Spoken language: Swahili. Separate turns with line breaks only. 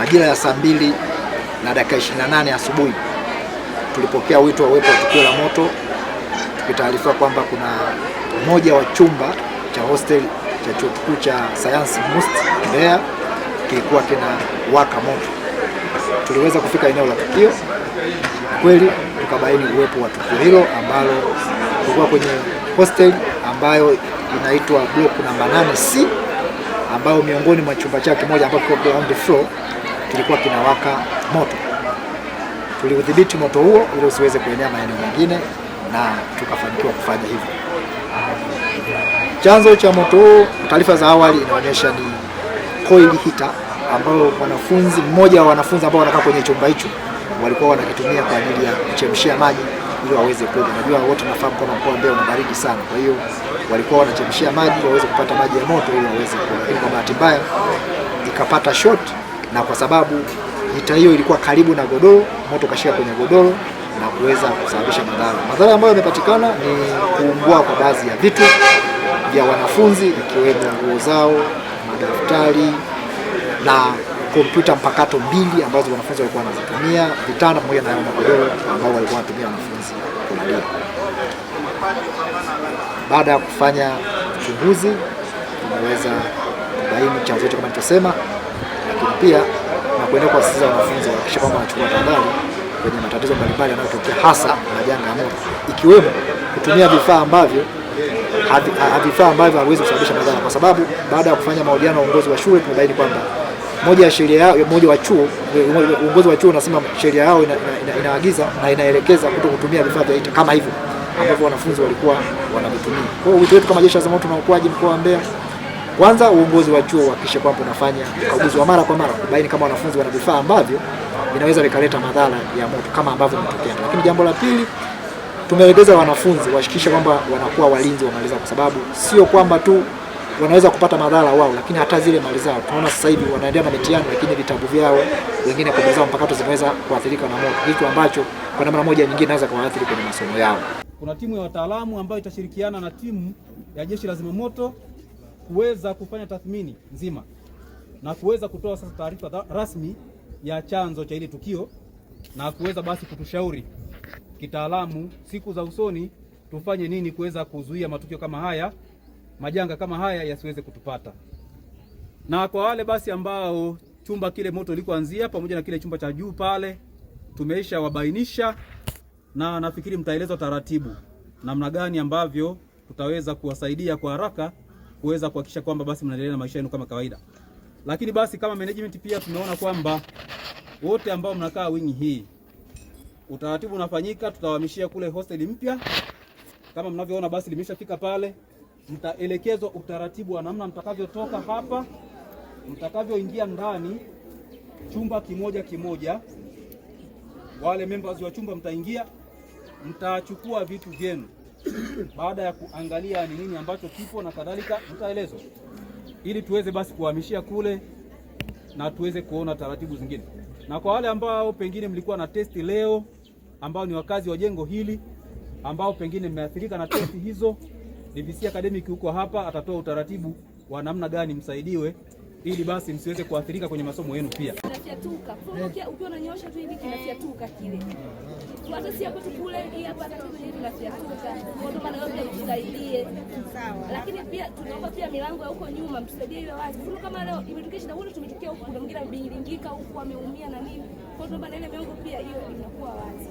Majira ya saa mbili na dakika 28 asubuhi tulipokea wito wa uwepo wa tukio la moto, tukitaarifiwa kwamba kuna mmoja wa chumba cha hostel cha chuo kikuu cha sayansi MUST Mbeya kilikuwa kina waka moto. Tuliweza kufika eneo la tukio, kweli tukabaini uwepo wa tukio hilo ambalo kulikuwa kwenye hostel ambayo inaitwa block namba 8C ambayo miongoni mwa chumba chake kimoja ambapo ground floor kilikuwa kinawaka moto. Tuliudhibiti moto huo ili usiweze kuenea maeneo mengine na tukafanikiwa kufanya hivyo. Chanzo cha moto huo, taarifa za awali inaonyesha ni coil heater ambayo wanafunzi mmoja wa wanafunzi ambao wanakaa kwenye chumba hicho walikuwa wanakitumia kwa ajili ya kuchemshia maji ili waweze kuoga. Najua wote nafahamu kwamba mkoa wa Mbeya una baridi sana, kwa hiyo walikuwa wanachemshia maji waweze kupata maji ya moto ili waweze kuoga, lakini kwa bahati mbaya ikapata short na kwa sababu vita hiyo ilikuwa karibu na godoro, moto kashika kwenye godoro na kuweza kusababisha madhara. Madhara ambayo yamepatikana ni kuungua kwa baadhi ya vitu vya wanafunzi ikiwemo nguo zao, madaftari na kompyuta mpakato mbili ambazo wanafunzi walikuwa wanazitumia, vitanda pamoja na magodoro ambao walikuwa wanatumia wanafunzi kulalia. Baada ya kufanya uchunguzi, tumeweza kubaini chanzo hicho kama nilichosema pia na kuendelea kuwasisitiza wanafunzi kisha kwamba wanachukua tahadhari kwenye matatizo mbalimbali yanayotokea hasa na janga la moto, ikiwemo kutumia vifaa ambavyo vifaa ambavyo haviwezi kusababisha madhara, kwa sababu baada ya kufanya mahojiano na uongozi wa shule tumebaini kwamba moja ya sheria yao, moja wa chuo, uongozi wa chuo unasema sheria yao inaagiza ina, ina na inaelekeza kuto kutumia vifaa vya kama hivyo ambavyo wanafunzi walikuwa wanavitumia. Kwa hiyo wito wetu kama Jeshi la Zimamoto na Uokoaji mkoa wa Mbeya kwanza uongozi wa chuo uhakikishe kwamba unafanya ukaguzi wa mara kwa mara kubaini kama wanafunzi wana vifaa ambavyo vinaweza vikaleta madhara ya moto kama ambavyo imetokea. Lakini jambo la pili, tumeelekeza wanafunzi wahakikishe kwamba wanakuwa walinzi wa mali zao, kwa sababu sio kwamba tu wanaweza kupata madhara wao, lakini hata zile mali zao. Tunaona sasa hivi wanaendelea na mitihani, lakini vitabu vyao wengine, kwa mazao mpakato zinaweza kuathirika na moto, kitu ambacho kwa namna moja nyingine inaweza kuathiri kwenye masomo yao.
Kuna timu ya wataalamu ambayo itashirikiana na timu ya jeshi la zimamoto kuweza kufanya tathmini nzima na kuweza kutoa sasa taarifa rasmi ya chanzo cha ile tukio na kuweza basi kutushauri kitaalamu siku za usoni tufanye nini kuweza kuzuia matukio kama haya, majanga kama haya yasiweze kutupata. Na kwa wale basi ambao chumba kile moto ulikoanzia pamoja na kile chumba cha juu pale tumeisha wabainisha, na nafikiri mtaelezwa taratibu namna gani ambavyo tutaweza kuwasaidia kwa haraka kuweza kuhakikisha kwamba basi mnaendelea na maisha yenu kama kawaida. Lakini basi kama management pia tumeona kwamba wote ambao mnakaa wingi hii, utaratibu unafanyika, tutawahamishia kule hosteli mpya. Kama mnavyoona basi limeshafika pale, mtaelekezwa utaratibu wa namna mtakavyotoka hapa, mtakavyoingia ndani chumba kimoja kimoja. Wale members wa chumba mtaingia, mtachukua vitu vyenu baada ya kuangalia ni nini ambacho kipo na kadhalika, mtaelezwa ili tuweze basi kuhamishia kule na tuweze kuona taratibu zingine. Na kwa wale ambao pengine mlikuwa na testi leo, ambao ni wakazi wa jengo hili, ambao pengine mmeathirika na testi hizo, DVC Academic huko hapa atatoa utaratibu wa namna gani msaidiwe ili basi msiweze kuathirika kwenye masomo yenu pia.
Kinafyatuka, ukiwa unanyosha tu hivi kinafyatuka kile hata kule hii hapa tunatoka, na wewe utusaidie Lakini pia tunaomba pia milango ya huko nyuma mtusaidie iwe wazi, kama leo imetokea shida, wote tumetokea huko, kuna mwingine amebingirika huko ameumia na nini, kwa hiyo tunaomba na ile milango pia hiyo inakuwa wazi.